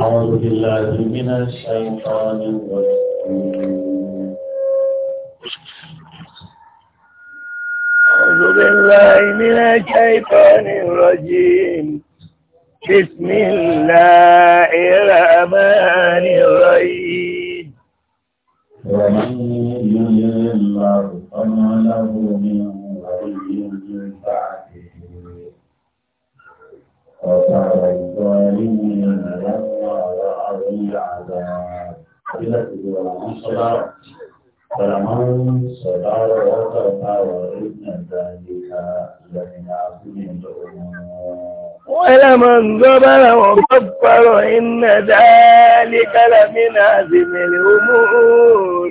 أعوذ بالله من الشيطان الرجيم أعوذ بالله من الشيطان الرجيم بسم الله الرحمن الرحيم ومن يضلل الله فما له من ولي من بعده وترى الظالمين يوم ولمن صبر وكفر إن ذلك لمن عزم الأمور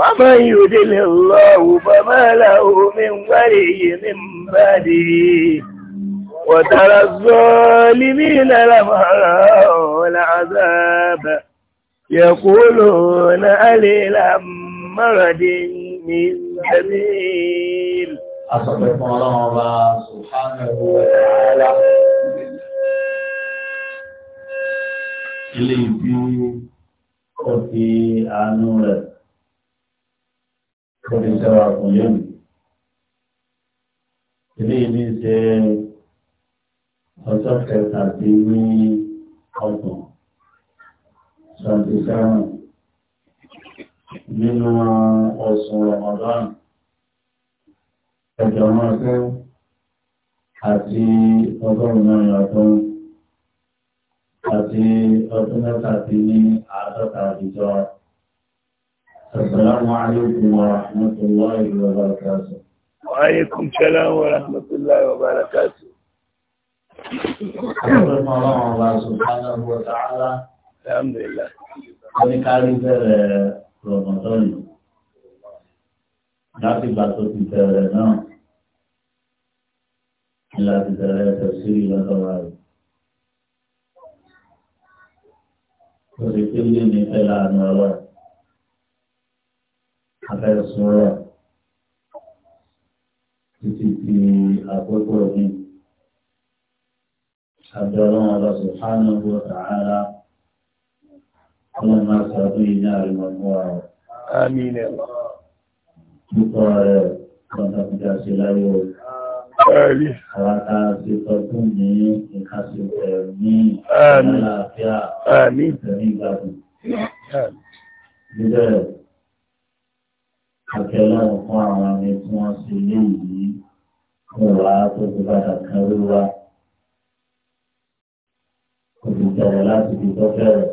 ومن يدل الله فما له من ولي من بعده وترى الظالمين رأوا العذاب يقولون عليلا مرد من سبيل أصدق الله سبحانه وتعالى ilé ibi ó fi àánú rẹ̀ ó fi sẹ́wà fún yóò ilé ibi ṣe ọjọ́ kẹta sí ní ọgbọ̀n 37 nínú ọ̀sùn Ramadan ẹgbẹ̀rún ọdún àti ọgọ́rùn mẹ́rin ọdún àti ọdún mẹ́tàdí ní àádọ́ta àdìjọ Assalamu alaikum wa rahmatullahi wa barakatuh. Wa alaikum salam wa rahmatullahi wa barakatuh. Àwọn ọmọ ọlọ́run ọba Subhanahu الحمد لله wọ́n kárí bẹ̀rẹ̀ rọ̀mọ́tọ́nì láti gbà tó ti bẹ̀rẹ̀ náà láti bẹ̀rẹ̀ tẹ̀síì lọ́dọ̀wà rẹ̀. ó sì pé ilé mi fẹ́ láàánú ọlọ́ afẹ́sọ́rọ̀ títí di àkókò mi. Abdullah Allah subhanahu wa ta'ala. ọlọ́run máa sọ ọdún yìí ní àríwá mú wa o. àmín ẹ̀. púpọ̀ rẹ̀ kọ́ńtàkùnjà sí láyé o. Àmín. Àwọn ta ṣe tọdún ní ìkásílẹ̀ ní àlàáfíà ìtẹ̀lé ìgbàdùn. Bíbẹ̀ akẹ́lọ́run fún àwọn ẹni tí wọ́n ṣe ilé yìí fún wa tó ti padà kan rí wa. Kò sì bẹ̀rẹ̀ láti fi tọ́ bẹ̀rẹ̀.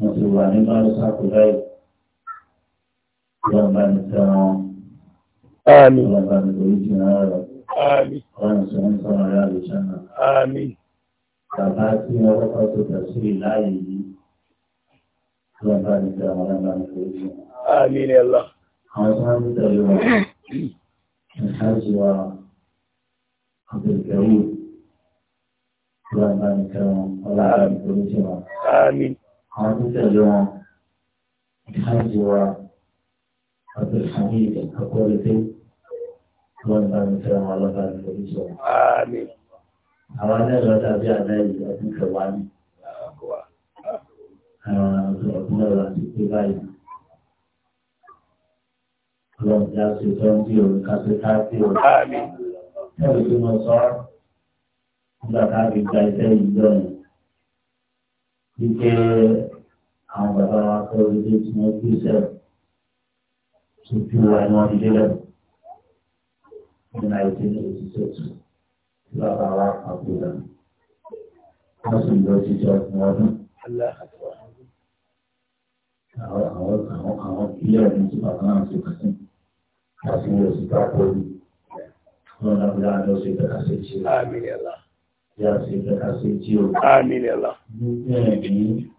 mo ti wà nínú àdúrà kò báyìí ọlọ́run bá mi tẹ́ wọn ọlọ́run bá mi lórí jìnnà rẹ̀ ọlọ́run sọ ní sọ́nà rẹ̀ àlùjá náà bàbá tí ọwọ́ kan tó tẹ̀ sí ìláyè yìí ọlọ́run bá mi tẹ́ wọn ọlọ́run bá mi lórí jìnnà. àwọn tó ń tẹ̀lé wọn ìṣáájú wa àbẹ̀kẹ́wò ọlọ́run bá mi tẹ́ wọn ọlọ́run bá mi lórí jìnnà. àwọn tó tẹ̀lé wọn ìhájú wa abdulhamid akọ́lẹ́tẹ́ wọn bá mi fẹ́ wọn lọ́ba lórí sọ. àwọn ẹlẹ́rọ tàbí àdá ọdún kẹwàá ni. àwọn ọdún ọ̀la ti pé báyìí. ọlọ́run ti á ṣe tọ́jú òun ká ṣe òun. ẹ̀rù tí mo sọ nígbà tá a fi gba iṣẹ́ yìí lọ́nà wípé àwọn bàbá wa tó ilé tí wọ́n gbé sẹ́wọ̀ tó ju wa ni wọ́n fi lélẹ̀ ní nineteen eighty six tí bàbá wa kà kú lọ. wọ́n sì lọ sí ìjọ fún ọdún. àwọn àwọn àwọn àwọn ilé ọ̀dún tí bàbá náà ti kà sí wọ́n sì lọ sí ìjọ fún ọdún. wọ́n náà fi láàánú sí ìjọ kà sí ìjì. àmín yàrá tí a ṣe fẹ́ ká ṣe Allah. gbogbo ẹ̀mí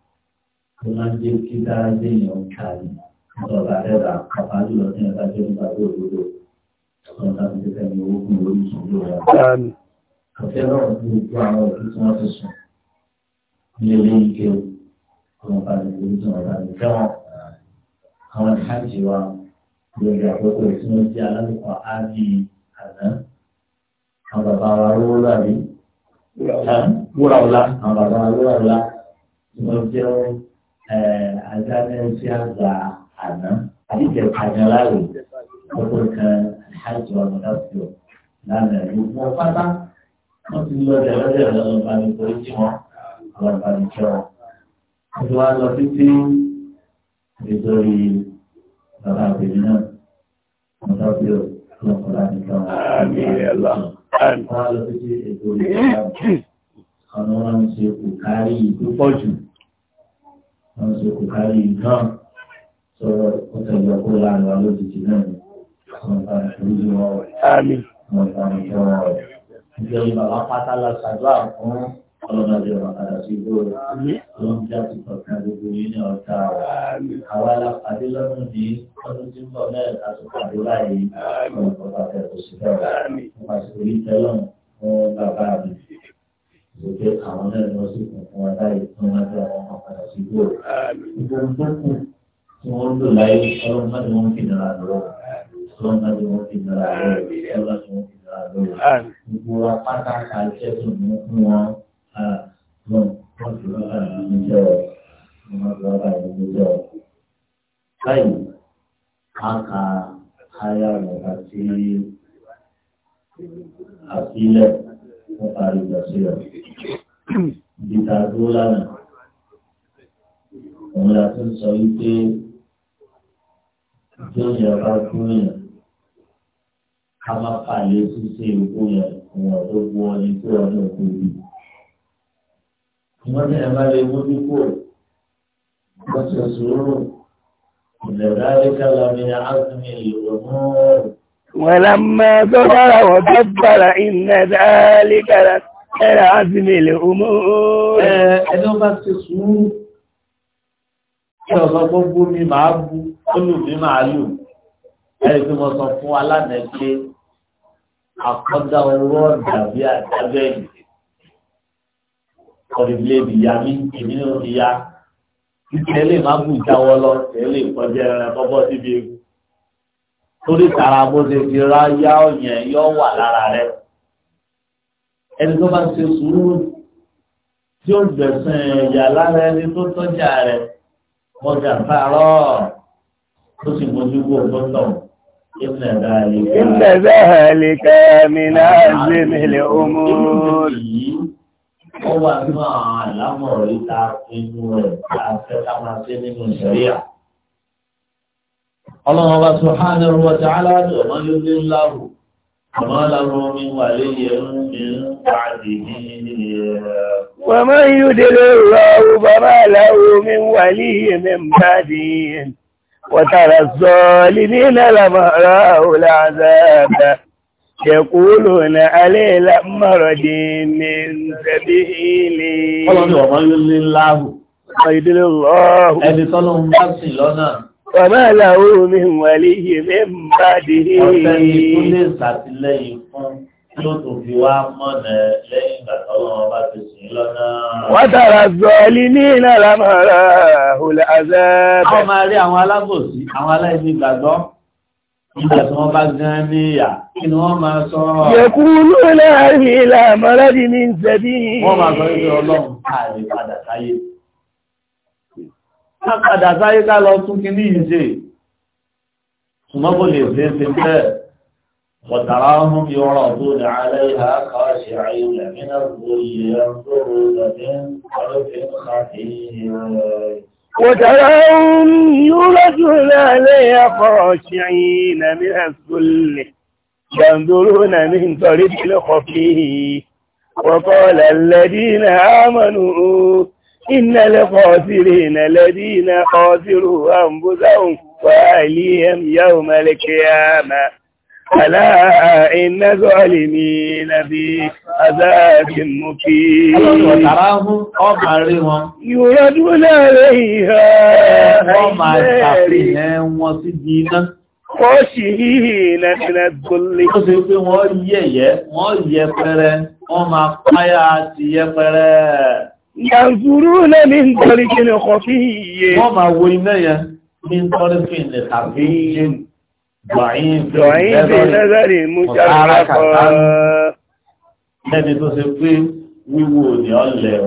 tó máa ń jẹ́ kí dáadé yẹn ń kárí ọ̀la ẹ̀rà kàfá jùlọ ní ẹ̀ka jẹ́ nípa tó òdodo ọ̀sán láti fi fẹ́ mi owó fún lórí ìṣòro rẹ̀. àfẹ́ náà ti gbogbo àwọn òbí tí wọ́n ti sùn ní ilé ike ọmọ bàbá mi ìhájì wa lórí àkókò tí wọ́n á bí àná àwọn bàbá wa lówó láàrin wúrà ọ̀la àwọn bàbá wúrà ọ̀la mo jẹ́ adájọ́ sí àgbà àná àdìjẹ́ kàdánlá rẹ̀ ọkọ̀ kan àjọ ọ̀dọ́fíọ̀ lánàá ìlú wọn pátá wọ́n ti lọ dẹ̀rẹ́dẹ̀ lọ́dọ̀ bá mi kọ́ sí wọn àwọn bá mi kẹ́ wọn. wọ́n ti wá lọ títí nítorí bàbá àgbègbè náà ọ̀dọ́fíọ̀ lọ́kọ̀ọ́ láti kẹ́ wọn. Kọ́lá tó ṣe ètò ìgbàgbọ́, àwọn máa ń ṣe kò kárí púpọ̀ jù. Wọ́n ṣe kò kárí náà sọ̀rọ̀ ọ̀tẹ̀lẹ̀ kó láàrin wa lójijì náà ni. Àwọn ìgbà ìṣòro wọn rẹ̀. Àwọn ìgbà ìṣòro wọn rẹ̀. Ìjọba pátá lọ ṣàdúrà fún ọlọ́run àjọ àkàrà sí ìgbòho ọlọ́run já ti kọ̀ọ̀kan gbogbo yìí ní ọ̀tá àwa alápàdé lọ́dún ní ọdún tí ń bọ̀ náà àtúpàdé báyìí ọ̀rọ̀ bàbá rẹ̀ kò sí bẹ́ẹ̀ wọ́n pàṣẹ orí tẹ́lọ̀n fún bàbá mi ìgbé àwọn náà lọ sí kùnkùn wọn láì tún wọn bí àwọn ọmọ padà sí ìgbòho gbogbo tó kù tí wọ́n ń lò láyé ọlọ́run má ni wọ́n fi nira lọ́wọ́ ọlọ́run má ni wọ́n fi fi nira lọ́wọ́ gbogbo apáta àti ẹ̀sùn mú fún wọn. 啊，我我主要干的工作，我主要干的工作，所以他他他要我他去，他去了，我把你的去了，你打住了，我们俩是属于的，就也把姑娘。他们反正是这个姑娘，我都我一个人孤独。wọ́n ní ẹ̀ma lè mójú kó wọ́n ti sùúrù ìdẹ̀rẹ́ àríkàlà mi ni a ti ní ìlú mọ́. ولما كفر وكبر إن ذلك لعزم الأمور ẹ̀dọ́ bá ti sùúrù kí ọ̀sán gbogbo mi máa bú olùbí máa lù ẹ̀rí tí mo sọ fún alánẹ̀ṣe àkọ́dá owó ọ̀dà bí àdábẹ́yìn ọ̀dìdílé ìyá mi èmi ló ti ya ìtẹ́ lè má bù jáwọ́ lọ ìtẹ́ lè kọjá ẹrẹ bọ́bọ́ síbi ewu torí tara bó ṣe fi ra yá ọ̀yàn yọ wà lára rẹ ẹni tó bá ṣe sùúrù tí ó gbẹ̀sán ẹ̀yà lára ẹni tó tọ́jà rẹ mọ̀jà fàárọ̀ ó sì mójú kó tó tọ̀. Inna dhalika min azmi al-umur ó wà nínú àwọn àlámọ̀rọ̀ ìta inú rẹ̀ àfẹ́ káwọn ṣe nínú ìṣẹ̀ríà. ọlọ́run ọba subhanahu wa ta'ala ọmọ ló ní láàrù ọmọ láàrù omi wà léyẹ oúnjẹ ń pàdé ní Wàmá yóò délé rọrùn bàbá aláwọ̀ omi wà líyè mẹ́mbà dín. Wàtàrà sọ̀ọ́lì ní nàlàmọ́ra òlàzáàbà. يقولون عليه لمرد من سبيلي Ọlọ́run ọmọ ilé láàrù. Ìdílé lọ́rù. Ẹni tọ́lọ ń bá sí lọ́nà. Ọmọ aláwọ̀ mi wà léyìí mẹ́mbà dìrí. Ọ̀sẹ̀ ni kú lè sàtìlẹ́yìn fún ló tó fi wá mọ̀nà lẹ́yìn ìgbà tọ́lọ́ ọba ti sìn lọ́nà. Wọ́n tàrà zọ́ọ̀lì ní ìlànà àmàrà òlà àzẹ́. Àwọn máa rí àwọn alábòsí, àwọn aláìsí gbàgbọ́. Yẹ̀kúrú ló láàrin ilá àmàrádì ní ìṣẹ̀bí. Wọ́n máa sọ ìgbé ọlọ́run káàrí padà sáyé. Ká padà sáyé ká lọ tún kí ní ìṣe. Ṣùgbọ́n lè ṣe ṣe bẹ́ẹ̀. Wọ̀tàrá ọmọ yọrọ̀ tó ní alẹ́ ìhà وتراهم يرجون عليها خاشعين من الذل ينظرون من طريق خفيه وقال الذين آمنوا إن الخاسرين الذين خاسروا أنفسهم وأهليهم يوم القيامة ألا إن الظالمين في عذاب مقيم وتراهم أمرهم يردون عليها وما يستطيعون وسجينا Kọ́ṣìhìhìnà ìrìnà gúnlé. Ó sì pé wọ́n yẹ̀yẹ́, wọ́n yẹpẹrẹ, wọ́n máa páyà ti yẹpẹrẹ. Yàǹzúrú náà ní ìtọ́rí kí ni ọkọ̀ fi yìí yé. Wọ́n máa wo iná yẹn ní ìtọ́rí fi ìlẹ̀ tàbí yìí. Lẹ́ni tó ṣe pé wíwò ní ọlẹ̀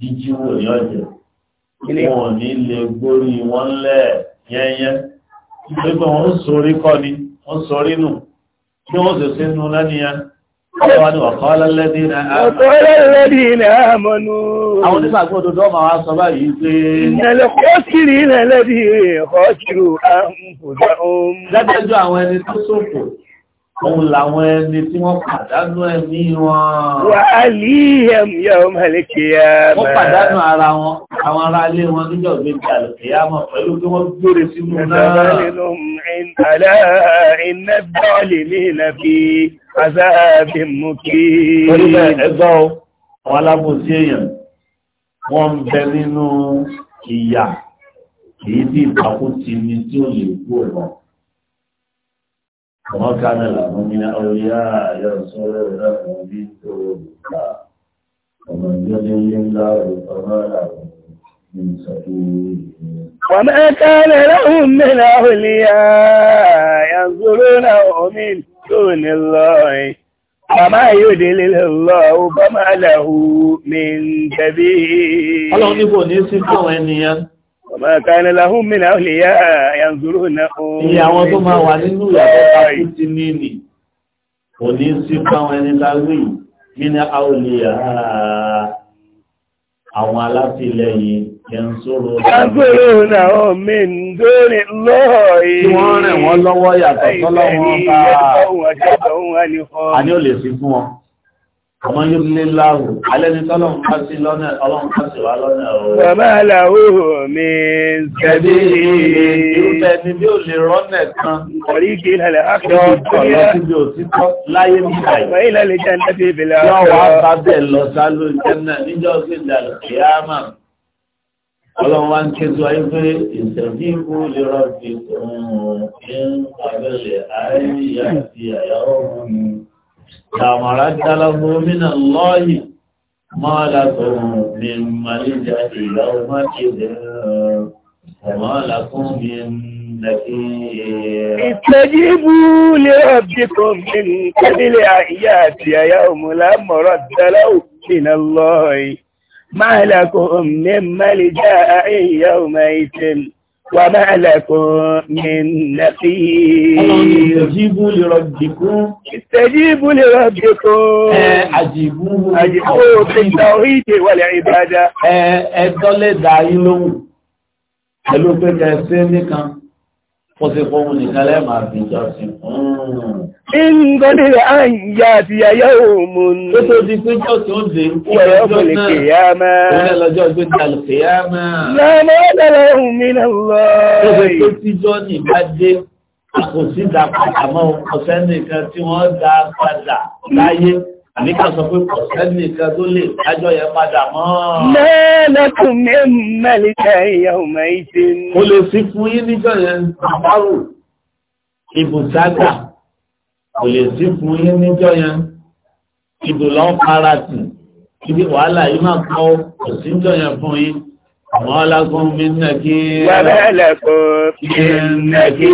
jíjíwò ní ọjẹ̀, wọn ní lè gbórí wọn lẹ̀ yẹnyẹn. Gbogbo wọn sorí kọ́ ni, wọ́n sorí nù, bí wọ́n sì sínú lẹ́niyàn. Ọ̀kọ́lá lẹ́dí ní àmọ́nú. Àwọn onígbàgbọ́ òdòdó ọmọ wa sọ báyìí pé. Ìnàlẹ̀ kọ́kiri ìnàlẹ̀ bí ọ̀kọ́ kìrò àmùkùnjẹ́ ohun. Dájẹ́jọ́ àwọn ẹni tó ṣòfò Òun làwọn ẹni tí wọ́n pàdánù ẹ̀mí wọn. Wà lè ẹ̀m yọ mẹ́lẹ̀kì ẹ̀mẹ́. Wọ́n pàdánù ara wọn, àwọn ará ilé wọn níjọ́ gbé bí yá mọ̀ pẹ̀lú kí wọ́n gbére sínú náà. Àlá iná bọ́ọ̀lì ní ìnàbí azáàbí mú kí. Torí bẹ́ẹ̀ ẹgbọ́ àwọn alábòsí èèyàn, wọ́n ń bẹ nínú ìyà, èyí tí ìtàkùn ti ní tí ò lè kú ọ̀rọ̀. وما كان لهم من أولياء ينصرونهم من دون الله ومن يضلل الله فما له من سبيل وما كان لهم من أولياء ينصرونه من دون الله وما يدلل الله فما له من سبيل. Ọlọ́run níbo ní sí fáwọn ènìyàn. Ọ̀bàkánà láhún mìnà lè yá àyànzúrò na oòrùn. Iye àwọn tó máa wà nínú ìyàtọ̀ takú ti ní nì, kò ní sí fáwọn ẹni láwí mìnà àwòlè àwọn alátìlẹyìn yẹnzúrò. Yẹnzúrò na omi ń dórí lọ́ọ̀ yìí. Tí wọ́n rẹ̀ wọ́n lọ́wọ́ Àmọ́ yóò lé láàrù, alẹ́ni tọ́lọ́n ká sí lọ́nà ọlọ́run ká sí wá lọ́nà ọ̀rọ̀. Bàbá aláwò mi ṣẹ̀bí ìrúfẹ́ ni bí ó lè rọ́nẹ̀ kan. Ọ̀rí kí ìlàlẹ̀ ápẹ́ ọ̀tọ̀ lọ sí bí òtítọ́ láyé mìíràn. Wọ́n ìlàlẹ̀ jẹ́ ń لا مرد له من الله ما لكم من ملجأ يومئذ وما لكم من نكير استجيبوا لربكم من قبل أن يا يوم لا مرد له من الله ما لكم من ملجأ يومئذ Wàbá ẹlẹ́kùn ní nẹ́fí. Ìtẹ̀jíbú lè rọ̀bìkún. Ìtẹ̀jíbú lè rọ̀bìkún. Ẹ àjìbú. Àjìbú ti gba orí ìdè wàlẹ̀ ìbádá. Ẹ ẹjọ́ Ingọ́dé àyà àti àyà òmù ní. Tó tó di pé jọ́ tí ó dé. Wọ̀rọ̀ ọkùnrin kìyàmá. Òun lọ́jọ́ gbé dàlù kìyàmá. Láàmú ọ̀dọ̀lẹ̀ òun mi náà lọ. Tó tó tó tí jọ́ ní bá dé, kò sí dà padà mọ́ ọ̀sẹ́ nìkan tí wọ́n dá padà láyé. Àní ká sọ pé ọ̀sẹ́ nìkan tó lè dájọ́ yẹn padà mọ́. Lẹ́lẹ́kùn mi mẹ́lìkà ìyá òmà ìṣe. Mo lè fi fún yín níjọ́ yẹn, àbárò, ìbùságà kò lè sí fún yín níjọ́ yẹn ibò lọ ń para tì ibi wàhálà yìí máa kọ́ kò sí níjọ́ yẹn fún yín àwọn alágún mi ń nà kí. wàhálà lẹ́kọ̀ọ́ kí n nà kí.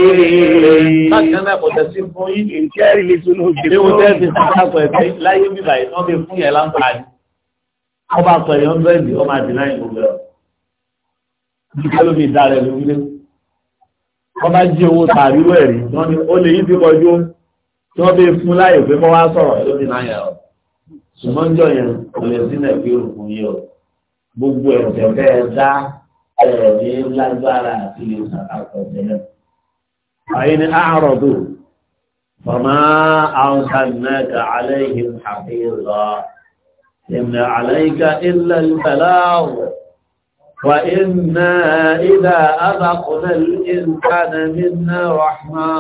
bákan náà kò tẹ̀sí fún yín. ìjẹ́ ìlísùn òjì. ewu tẹ́ fi sábà pẹ̀lú láyé bíbá yìí wọ́n fi fún yẹn láǹfààní. wọ́n bá pẹ̀lú ọ̀nbẹ́ẹ̀dì ọmọ àdínà ìgbòho rẹ̀. ìjẹ́ ló fi dá rẹ̀ lórí lé. wọ́n bá jí owó tàbí wẹ̀rí wọ́n ní ó lè yí tí wọ́n bèé fún láyé pé mọ́ wá sọ̀rọ̀ lórí náyà ọ̀ ṣùgbọ́njọ́ yẹn kò lè sílẹ̀ pé òkun yìí ọ̀ gbogbo ẹ̀jẹ̀ bẹ́ẹ̀ dá ẹ̀ẹ̀dẹ́ lágbára àti lè ṣàkàtọ̀ tẹ́lẹ̀. àyè ni àárọ̀ tó fọmọ àwọn sàmìnà ẹ̀ka sàmìnàkà aláìhìn àfihàn ìmọ̀ àláìka ilẹ̀ ìfẹ̀láwọ̀ وإنا إذا أذقنا الإنسان منا رحمة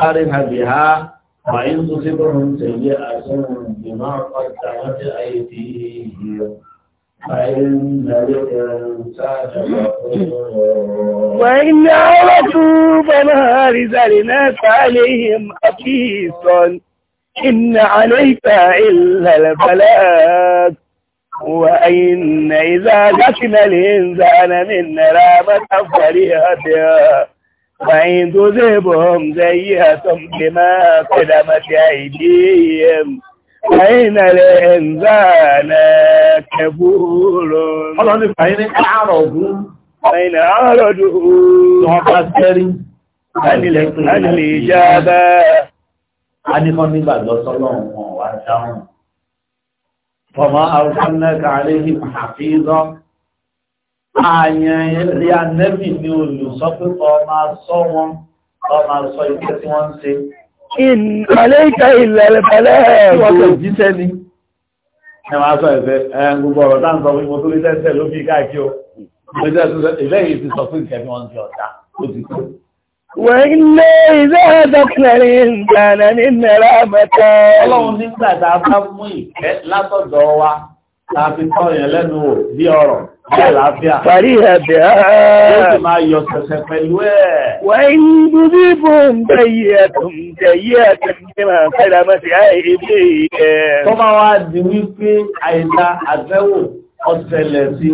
عرف بها وإن تصبهم سيئة بما قدمت أيديهم فإن الإنسان وإن عرفوا فما زلناك عليهم حقيصا إن عليك إلا البلاد وإن إذا ذكنا الإنسان من رامة فريحتها وعند ذيبهم زيتهم بما قدمت أيديهم أين الإنزال كبول أين عرضهم أين عرضهم تعبتري عن الإجابة عن خمي بعد صلى الله عليه وسلم فما أرسلناك عليهم حفيظا àyàn ilé anẹ́bì ni olùsọ pé ọmọ sọ wọn ọmọ sọ ìpẹ́ tí wọ́n ń ṣe ìnàlẹ́ ìkà ìlẹ̀lẹ̀pẹ̀lẹ̀ ọkọ̀ jíṣẹ́ ni ẹwà sọ ẹ̀fẹ́ gbogbo ọ̀rọ̀ tá ń sọ wípé tó lítẹ́sẹ̀ ló fi káàkí o ìlẹ́yìn ti sọ fún ìkẹ́fẹ́ wọn ti ọ̀dá ó ti tó Wẹ̀lé ilé ẹ̀dọ́kùnrin ìgbàna ní mẹ́rà mẹ́ta. Ọlọ́run nígbàtà bá mú ìkẹ́ látọ̀dọ̀ wa, ta fi tọ́ ìyẹn lẹ́nu wò bí ọ̀rọ̀. Fàrí ẹ̀bẹ̀ Wọ́n dúdú bó ń bẹ̀yí ẹ̀tùn tẹ̀yí ẹ̀tùn tí máa fẹ́ra mọ́ sí àìdé ẹ̀. Tó máa wá di wípé àìdá àgbẹ́wò ọ̀sẹ̀lẹ̀ sí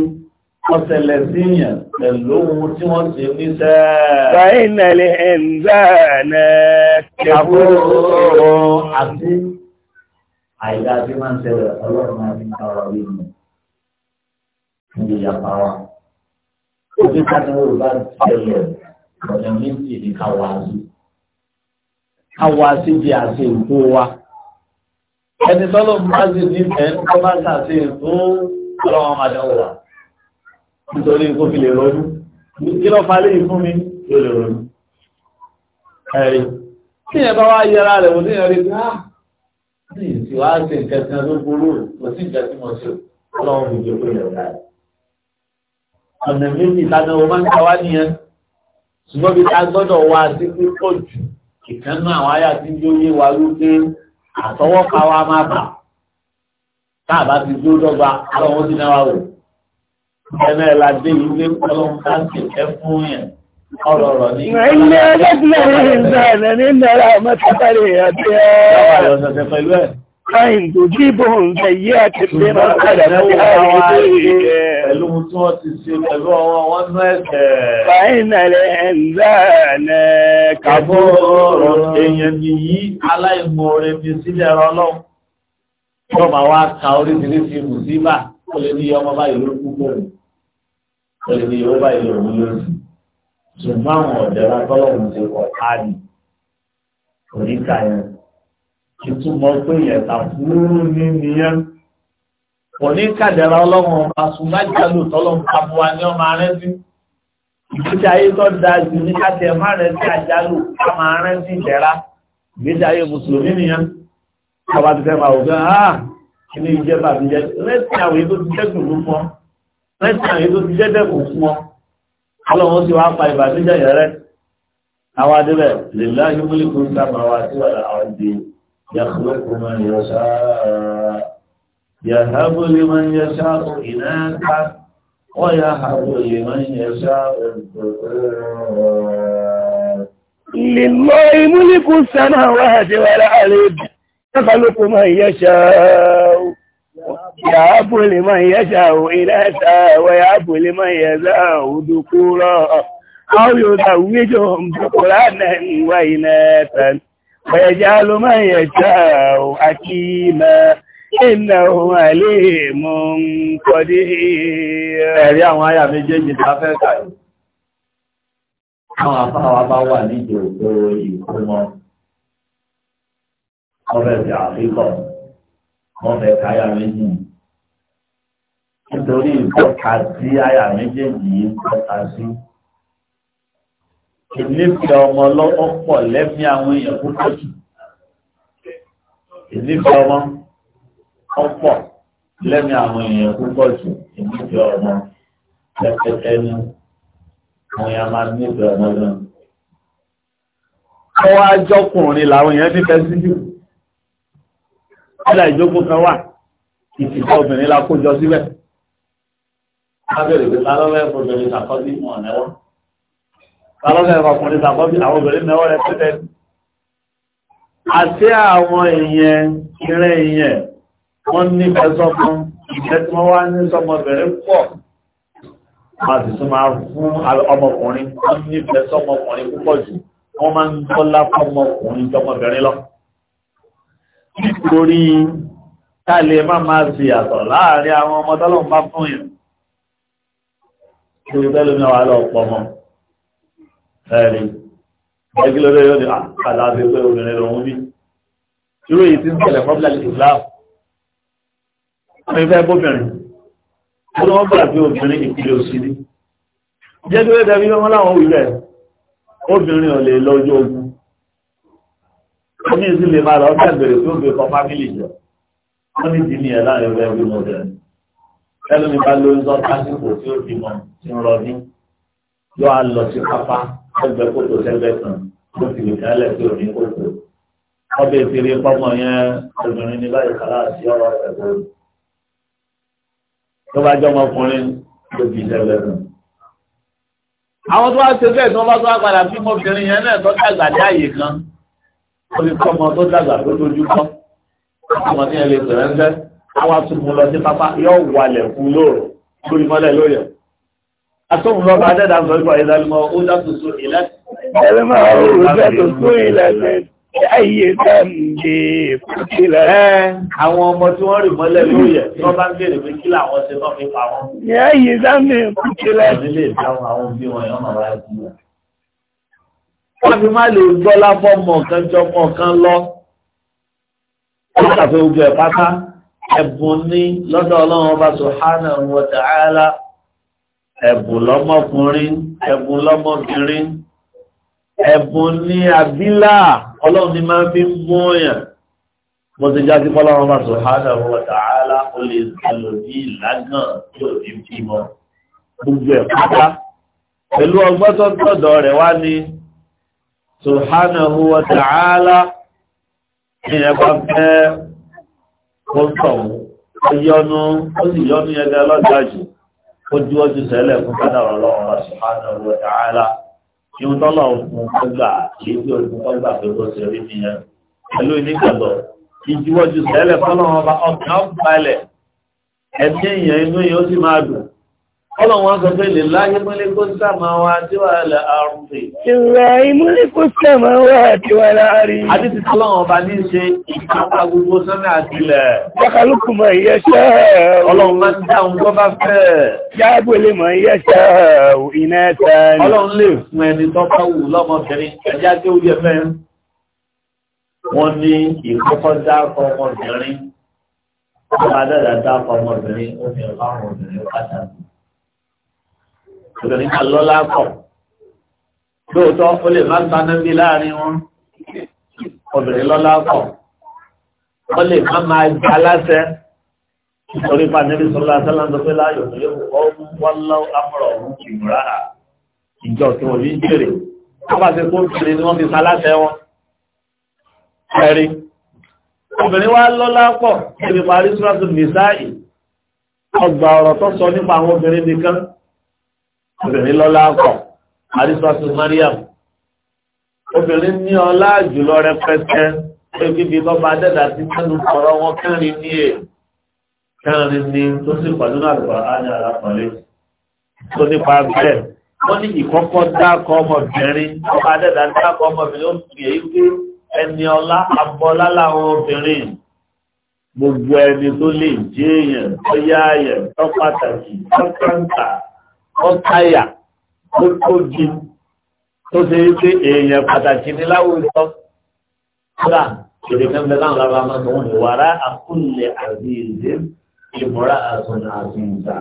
ọ̀sẹ̀lẹ̀ sí yàn pẹ̀lú ohun tí wọ́n ti ní sẹ́. Fàínàlẹ̀ ẹ̀ǹzà náà kẹfọ́ níbi ìyapa wa. Ojú kádìwò bá ṣẹlẹ̀ ọ̀nà méjì ní káwa sí. Káwa sí di àṣẹ ìkó wa. Ẹni tọ́lọ̀ bá sì nífẹ̀ẹ́ tó bá ṣàṣe ètò ọlọ́wọ́n máa dánwò wa. Nítorí kó fi lè ronú. Kí ló fa léyìí fún mi? Yóò lè ronú. Ẹ̀rí. Tí ìyẹn bá wá yẹra rẹ̀ wò ní ìyẹn rí bí á. ìsìwá ṣe nǹkan kan ló burú, kò sí ìjà tí mo ṣe. Ọlọ́run mi jẹ́ pé ìyẹn rẹ̀ ọ̀nà méjì ìlànà ọmọ ń tàwá nìyẹn ṣùgbọ́n bí ta gbọ́dọ̀ wá sí pípọ̀ jù ìkànnà àwọn ayà tí ó yé wa wípé àtọwọ́pa wa máa bà táàbá ti dúró dọ́gba ọlọ́run ti náwà wò ẹ̀mẹ́ ẹ̀la dé yìí pé ọlọ́run ká sì fún yẹn ọ̀rọ̀ ọ̀rọ̀ ní. ìgbà ilé ẹgbẹ́ Káyìn dojú ìbò ǹjẹ́ yí àti pé máa padà tó wà wá pẹ̀lú tí wọ́n ti ṣe pẹ̀lú ọwọ́ wọn ní ẹ̀sẹ̀. Fáìnàlẹ̀ ẹ̀ǹdà nẹ kàbọ̀ ọ̀rọ̀ èèyàn ni yí aláìmoore fi sílẹ̀ ẹ̀rọ ọlọ́run. Wọ́n máa wá ka oríṣiríṣi mùsíbà kó lè ní ọmọ báyìí ló kú bò. Kó lè ní ọmọ báyìí ló kú lóṣù. Ṣùgbọ́n àwọn ọ̀dẹ́ra tọ́lọ́run ti wọ̀ ìtumọ̀ pé yẹ̀ta fúrú ní nìyẹn kò ní kàdẹ̀rà ọlọ́run ọba ṣùgbọ́n tọ́lọ́run pàbọ̀ wa ní ọmọ rẹ̀ sí ìgbésí ayé tó da jù ní kájẹ má rẹ̀ sí àjálù ká máa rẹ̀ sí ìdẹ̀ra ìgbésí ayé mùsùlùmí nìyẹn ọba ti fẹ́ máa wò gan ah ilé ìjẹ́ bàbí jẹ́ rẹ́sìn àwọn èyí tó ti jẹ́ dùnú fún ọ rẹ́sìn àwọn èyí tó ti jẹ́ dẹ̀kùn fún ọ ọlọ́run sì wá pa ìbànújẹ́ yẹn àwọn adébẹ̀ lè láyé múlẹ̀ kó sábà wá sí ọ̀dà àwọn ìdíyẹ يخلق من يشاء يهب لمن يشاء إناثا ويهب لمن يشاء لله ملك السماوات والأرض يخلق من يشاء يهب لمن يشاء إناثا ويهب لمن يشاء ذكورا أو يزوجهم ذكورا وإناثا ويجعل من يشاء حكيما إنه عليم قدير ẹ̀rí àwọn àyà méjèèjì tá a fẹ́ kà yìí àwọn afáwa bá wà nídìí òkú ìkómọ ọbẹ̀ tí àfikọ̀ wọ́n fẹ́ ka àyà méjì nítorí ìkọ́ka sí àyà méjèèjì yìí kọ́ka sí ìnífẹ̀ẹ́ ọmọ lọ́wọ́ pọ̀ lẹ́mí àwọn èèyàn púpọ̀ jù ìnífẹ̀ẹ́ ọmọ ọ̀pọ̀ lẹ́mí àwọn èèyàn púpọ̀ jù ìnífẹ̀ẹ́ ọmọ pẹpẹtẹ ni àwọn èèyàn máa nífẹ̀ẹ́ ọmọ náà. ọwọ́ ajọ́kùnrin làwọn èèyàn nífẹ̀ẹ́ sí jù ọ̀dà ìjókòó kan wà ìtìkọ́ obìnrin la kó jọ síbẹ̀. lábẹ́rẹ̀ pé ta lọ́wọ́ ẹ̀fọ́ obìnrin ṣàkọ́sí mọ̀ ọ̀nẹ́wọ́. Tàlọ́sẹ̀ ọkùnrin tàbí àwọn obìnrin mẹ́wọ́ rẹ̀ pẹ́tẹ́. Àti àwọn èèyàn ìrẹ́ èèyàn wọ́n ní ẹ̀sọ́mọ́ ìjẹ́ tí wọ́n wá ní sọmọbìnrin pọ̀. A sì tún máa fún ọmọkùnrin wọ́n ní ẹ̀sọ́mọkùnrin púpọ̀ jù. Wọ́n máa ń tọ́lá fọmọkùnrin tọmọbìnrin lọ. Nítorí ká lè má máa sì àtọ̀ láàárín àwọn ọmọ tọ́lọ́ ẹ̀rí ẹgbẹ́lẹ́rẹ́ yóò ní ah, àlàáfẹ́ pé obìnrin lòun bí irú èyí tí ń tẹ̀lẹ̀ fọ́bílà islam wọ́n fẹ́ bóbìnrin tí wọ́n bá bí obìnrin ìpìlẹ̀ òsìlí jẹ́ tó rẹ̀ dẹ̀bí wọ́n láwọn wílẹ̀ obìnrin ò lè lọ́jọ́ ogun omi ìsìn lè máa lọ bẹ̀rẹ̀ tó gbé kọ fámílì jọ wọ́n ní ìdí nìyẹn láàrin rẹ̀ bí mo bẹ̀rẹ̀ ẹlòmí bá lóyún sọ pásítọ̀ tí ó bímọ tí ń rọbí yóò á lọ sí pápá ẹgbẹ́ kótó sẹ́gbẹ́ kan ló fi lè kálẹ̀ sí òní kótó. wọ́n bẹ fi rí pọ́mọ yẹn obìnrin ní báyìí kàlá sí ọ̀rọ̀ ẹ̀gbẹ́ rẹ̀. tó bá jẹ́ ọmọkùnrin ló fi sẹ́gbẹ́ kan. àwọn tó wá ṣe bẹ́ẹ̀ tí wọ́n bá tó wá padà bí ọmọbìnrin yẹn náà tó dàgbà dé àyè kan ó lè kọ́ ọmọ tó dàgbà tó dojú kọ́ ọmọ tí yẹn lè pẹ̀lẹ́ ń Àtọ́hùn lọ bá dẹ́dà sọ ìgbà ìdálùmọ̀ ó dátò só ilẹ̀. Ẹlẹ́mọ̀ ó dátò só ilẹ̀ ayé tàbí ìpàkìlẹ̀. Àwọn ọmọ tí wọ́n rí mọ́lẹ̀ lóòyẹ̀ tí wọ́n bá ń bèèrè pé kí làwọn ṣe tán fi pa ẹ̀bùn ní lọ́dọ̀ Ọlọ́run Ọba Subhanahu wa Ta'ala ẹ̀bùn lọ́mọkùnrin ẹ̀bùn lọ́mọbìnrin ẹ̀bùn ní àbílà ọlọ́run ni máa fi ń mú ọ̀yàn mo ti já sí fọ́lọ́run bá subhanahu wa ta'ala ó lè sàlò ní ìlágàn tí ò ní fi mọ́ gbogbo ẹ̀ pátá pẹ̀lú ọgbọ́n tó tọ̀dọ̀ rẹ̀ wá ní subhanahu wa ta'ala ní ẹ̀bá fẹ́ kó sọ̀rọ̀ ó yọnu ó sì yọnu ẹgbẹ́ ọlọ́jà jù ó dúwọ́jú sẹ́lẹ̀ fún kádà ọlọ́run bá sùhánà owó ìhàlá ní ohun tọ́lọ̀ fún ọgbà èyí tí òfin ọgbà pé kó ṣe rí nìyẹn pẹ̀lú onígbàgbọ́ ìdíwọ́jú sẹ́lẹ̀ fọ́lọ́run ọba ọkàn balẹ̀ ẹ̀mí èèyàn inú yìí ó sì máa dùn Ọlọ́run sọ pé lè láyé mọ́lé kó sàmà wa tí wà láàrùn-ún. Ìràí mọ́lé kó sàmà wa tí wà láàrin. Àti ti tọ́lọ́run ọba ní ṣe ìjọba gbogbo sọ́nà àtìlẹ̀. Jákàlùkù mọ̀ ìyẹ́ṣẹ́. Ọlọ́run máa ń dá ohun tó bá fẹ́. Jágbó lè mọ̀ ìyẹ́ṣẹ́ iná ẹ̀ṣẹ́. Ọlọ́run lè fún ẹni tó bá wù lọ́mọbìnrin ẹjá tí ó yẹ fẹ́. Wọ́n ní ìkọ́kọ́ dákọ ọmọbìnrin. Ó máa dáadáa dákọ ọmọbìnrin ó fi ọ̀pá ọmọbìnrin ó pàtàkì obìnrin náà lọ́lá pọ̀ lóòótọ́ ó lè má gbaná bí láàrin wọn obìnrin lọ́lá pọ̀ ó lè má máa jẹ aláṣẹ nítorí pàdébí sọlá sálàndó pé láàyò tó yóò wọ́n wọ́n lọ́wọ́ amọ̀rọ̀ ọ̀hún ìmúra ìjọ tí wọ́n fi ń jèrè àbáṣe kó jèrè ni wọ́n fi sáláṣẹ wọn ẹ̀rí obìnrin wá lọ́lá pọ̀ níbi parí sọ́lá nìsáì ọgbà ọ̀rọ̀ tó sọ nípa àwọn obìnrin nìkan obìnrin lọ́lá pọ̀ àdìsọ́tù Mariam obìnrin ní ọlá jùlọ rẹpẹtẹ pé bíbi bọ́ba dẹ́dà ti mẹ́nu kọ̀rọ̀ wọn kẹrin ní è kẹrin ní tó sì pàdé náà lọ́wọ́ àní àràpọ̀lé tó nípa bẹ́ẹ̀ wọ́n ní ìkọ́kọ́ dákọ̀ ọmọbìnrin bọ́ba dẹ́dà dákọ̀ ọmọbìnrin ó fi èyí pé ẹni ọlá abọ́lá láwọn obìnrin gbogbo ẹni tó lè jẹ́ èèyàn tó yá èèyàn tó pàtàkì tó kàńtà ọ̀táyà tó tóbi tó ṣe é pé èèyàn pàtàkì ní láwùjọ kúrà èdè kan bẹ láwọn lára máa tọ̀wọ́n ní wàrà àkúnlẹ̀ àti ìdè ìmọ̀ra àtún àti ìgbà.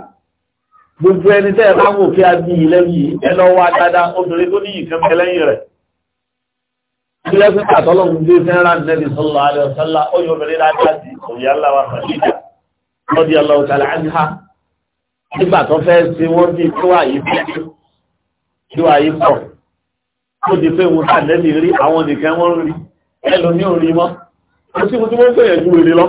Gbogbo ẹni tẹ́ ẹ bá wò kí a bí ilẹ̀ yìí ẹ lọ wá dáadáa obìnrin tó ní ìkan lẹ́yìn rẹ̀. Ilé fún àtọ́lọ́hún dé fẹ́ràn nẹ́bí sọ́lá alẹ́ ọ̀sálá ó yọ nígbà tó fẹ́ ṣe wọ́n bí tó àyè bí tó àyè pọ̀ tó di pé wọn sàdẹ́lì rí àwọn nìkan wọ́n rí ẹlò ní orí mọ́ ó sì mú tí wọ́n fẹ̀yẹ̀ ju èrè lọ.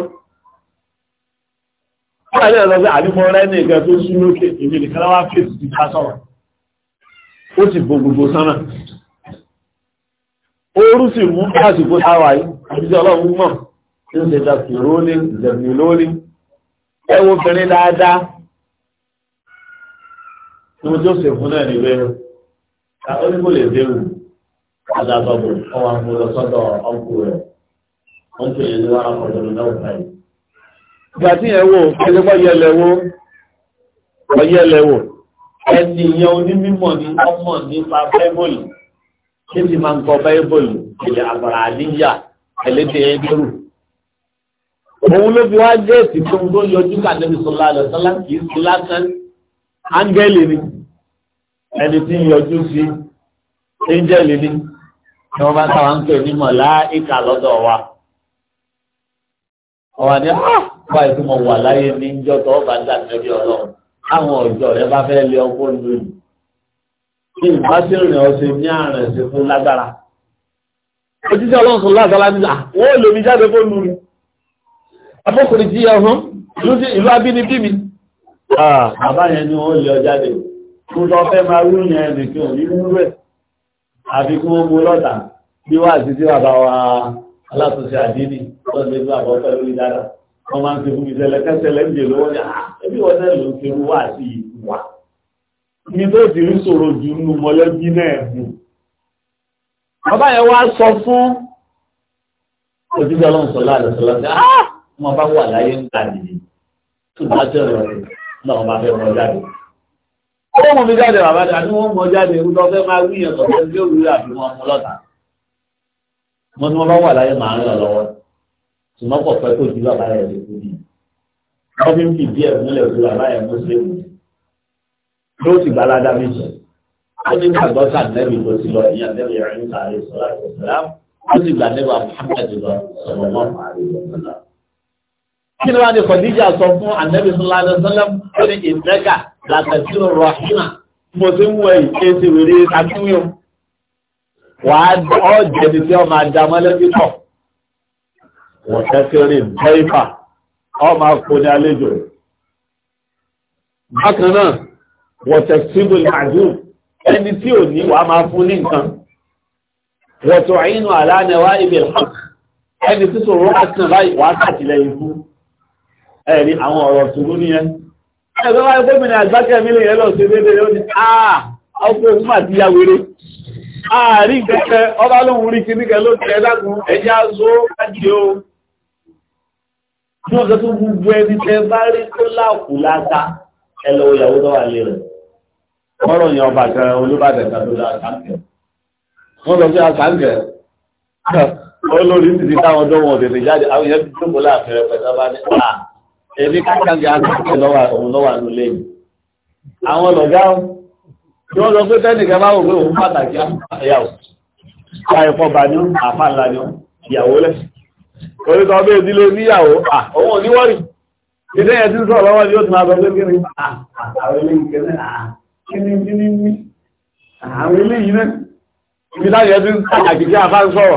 wọ́n àyè lọ sí àdìmọ́ rẹ̀ ní ìgbà tó sú lókè èmi nìkan wá fèsì ti ká sọ̀rọ̀ ó sì bo gbogbo sánà. oorun sì mú lásìkò táwa yìí àbíjọ́ ọlọ́run mọ̀ ń ṣe dàpọ̀ lónìí ìjẹ̀bù lónìí ẹwọ́ obìnrin dáadáa ohun tí ó sì fún náà níbẹ̀ ó ní kò lè déwù adábọ̀bọ̀ ọwọ́ àwọn olùsọ́dọ̀ ọkùnrin rẹ̀ wọ́n ti lè wá ọ̀dọ́rùn náà báyìí. ìgbà tí ẹ wò ẹgbẹ́ pọ̀ yẹlẹ̀ wò ọ̀yẹlẹ̀ wò ẹni ìyẹn onímọ̀ ni ọmọ nípa bẹ́bọ̀lì kí ti máa ń kọ bẹ́bọ̀lì ìlẹ̀ àgbàrá àdíyà ẹlẹ́dẹ̀ ẹgbẹ́rù. òun ló fi wá jẹ́ ìsìnkú tó yọjú kà níbi sọlá àlọ́sọ́lá kì í sí lásán áńgẹ́lì ni ẹni tí ń yọjú sí áńgẹ́lì ni ni wọ́n bá táwa ń pè ní màláíkà lọ́dọ̀ wa ọ̀wà ni wà á ìtumọ̀ wà láyé ní ìjọ tó bá dà nẹ́bí ọlọ́run àwọn ọ̀dọ́ rẹ bá fẹ́ lé ọkọ lónìí kí ìbáṣẹ́rìn ọ̀sẹ̀ ní àrùn ẹ̀sìn fún lágbára òjíṣẹ́ ọlọ́run sọ lágbára nígbà wọ́n lòmí jáde fóònù rẹ̀ afọ́kùnrin jíyà ọ̀hún ìlú abínibí mi Ah, bàbá yẹn ni wọ́n lè ọjà lè kú lọ fẹ́ máa rú yẹn nìkan ò ní rú rẹ̀ àfi kí wọ́n mú lọ́tà bí wá àti tí bàbá wa alátúnṣe àdínì lọ́dún tó bá bọ́ pẹ̀lú ìdára wọ́n máa ń ṣe fún ìṣẹ̀lẹ̀ kẹsẹ̀lẹ̀ ń jè lọ́wọ́ ní ẹbí ah, wọn náà ló ń ṣe wá sí ìwà ní tó ti rí sọ̀rọ̀ jù nínú mọ̀lẹ́bí náà mú bàbá yẹn wá sọ fún òjijì náà wọ́n bá fẹ́ mọ jáde. ó mú mi jáde bàbá tàbí wọ́n mọ jáde irú lọ́fẹ́ máa wíyàn sọ̀tẹ́ sí òwúrọ̀ àbí wọn mú lọ́ta. mo ní wọn bá wà láyé màá ń ràn lọ́wọ́ ṣùgbọ́n pọ̀ pẹ́ tó ju bàbá rẹ̀ lè kú ni. wọ́n fi ń fi díẹ̀ múlẹ̀ ju bàbá rẹ̀ mú sí yóò sì gbalaga méjì. ó ní gbàgbọ́ sàǹdẹ́bì tó ti lọ ìyá nẹ́bì rẹ̀ ń sàárè sọ́lá kí ni wá ní Khadija sọ fún Ànábì sallallahu alaihi wasallam tó ní ìdẹ́gà làtàsírò rọ̀hìnà mo ti ń wọ ìṣe ti wèrè kàkíwìó wà á ọ̀jẹ̀ ní tí ọ máa da mọ́lẹ́bí pọ̀ wọ́n kẹ́kẹ́rẹ́ bẹ́ẹ̀fà ọ máa kó ní àlejò bákan náà wọ́n tẹ̀síbò làjú ẹni tí ò ní wà máa fún ní nǹkan wọ́n tó àyínú àlànà wá ibi ẹni tí sọ̀rọ̀ àti náà wà á sàtìlẹ́yìn fún ẹ̀rí àwọn ọ̀rọ̀ ṣùgbọ́n ní yẹn ẹgbẹ́ wáyé gómìnà àgbákẹ́ mi lè yẹ lọ sí dédé ó ní àà ah, ọkọ̀ òun mà ti ya wéré ààrí ìgbẹ́kẹ́ ọba lóhun rí kiri kẹ ló ti ẹ dákun ẹjẹ́ azó kájí o ní ọ̀sẹ̀ tó gbogbo ẹni tẹ bá rí tó láàkù láta ẹ lọ ìyàwó tó wà lé rẹ̀ ọ̀rọ̀ yẹn ọba kan olúbàdàn kan ló lọ àtàkẹ́ wọ́n lọ sí àtàkẹ́ olórí ti ti táwọn ọdọ́ wọn tètè jáde àwọn yẹn tó kó láàfin rẹ̀ pẹ̀lú èmi kákàndì àtúntò lọ́wọ́ òun lọ́wọ́ àánú lẹ́yìn àwọn lọ̀gá tí wọ́n lọ pé tẹ́nìkan bá wòwe òun pàtàkì àyàwó ká ẹ̀fọ́ bá ní àfà ńlá ní ìyàwó lẹ̀ orí kan bẹ́ẹ̀ dílé níyàwó àwọn oníwọ́rì ilé ẹ̀ tí ń sọ̀rọ̀ lọ́wọ́ ni ó ti máa bẹ lókè ní àwọn ilé ìkẹ́lẹ̀ kíní kíní ní àwọn ilé yìí náà ibi láti ẹ̀ tí ń sọ̀rọ̀ àkìkí àfà ń sọ̀rọ̀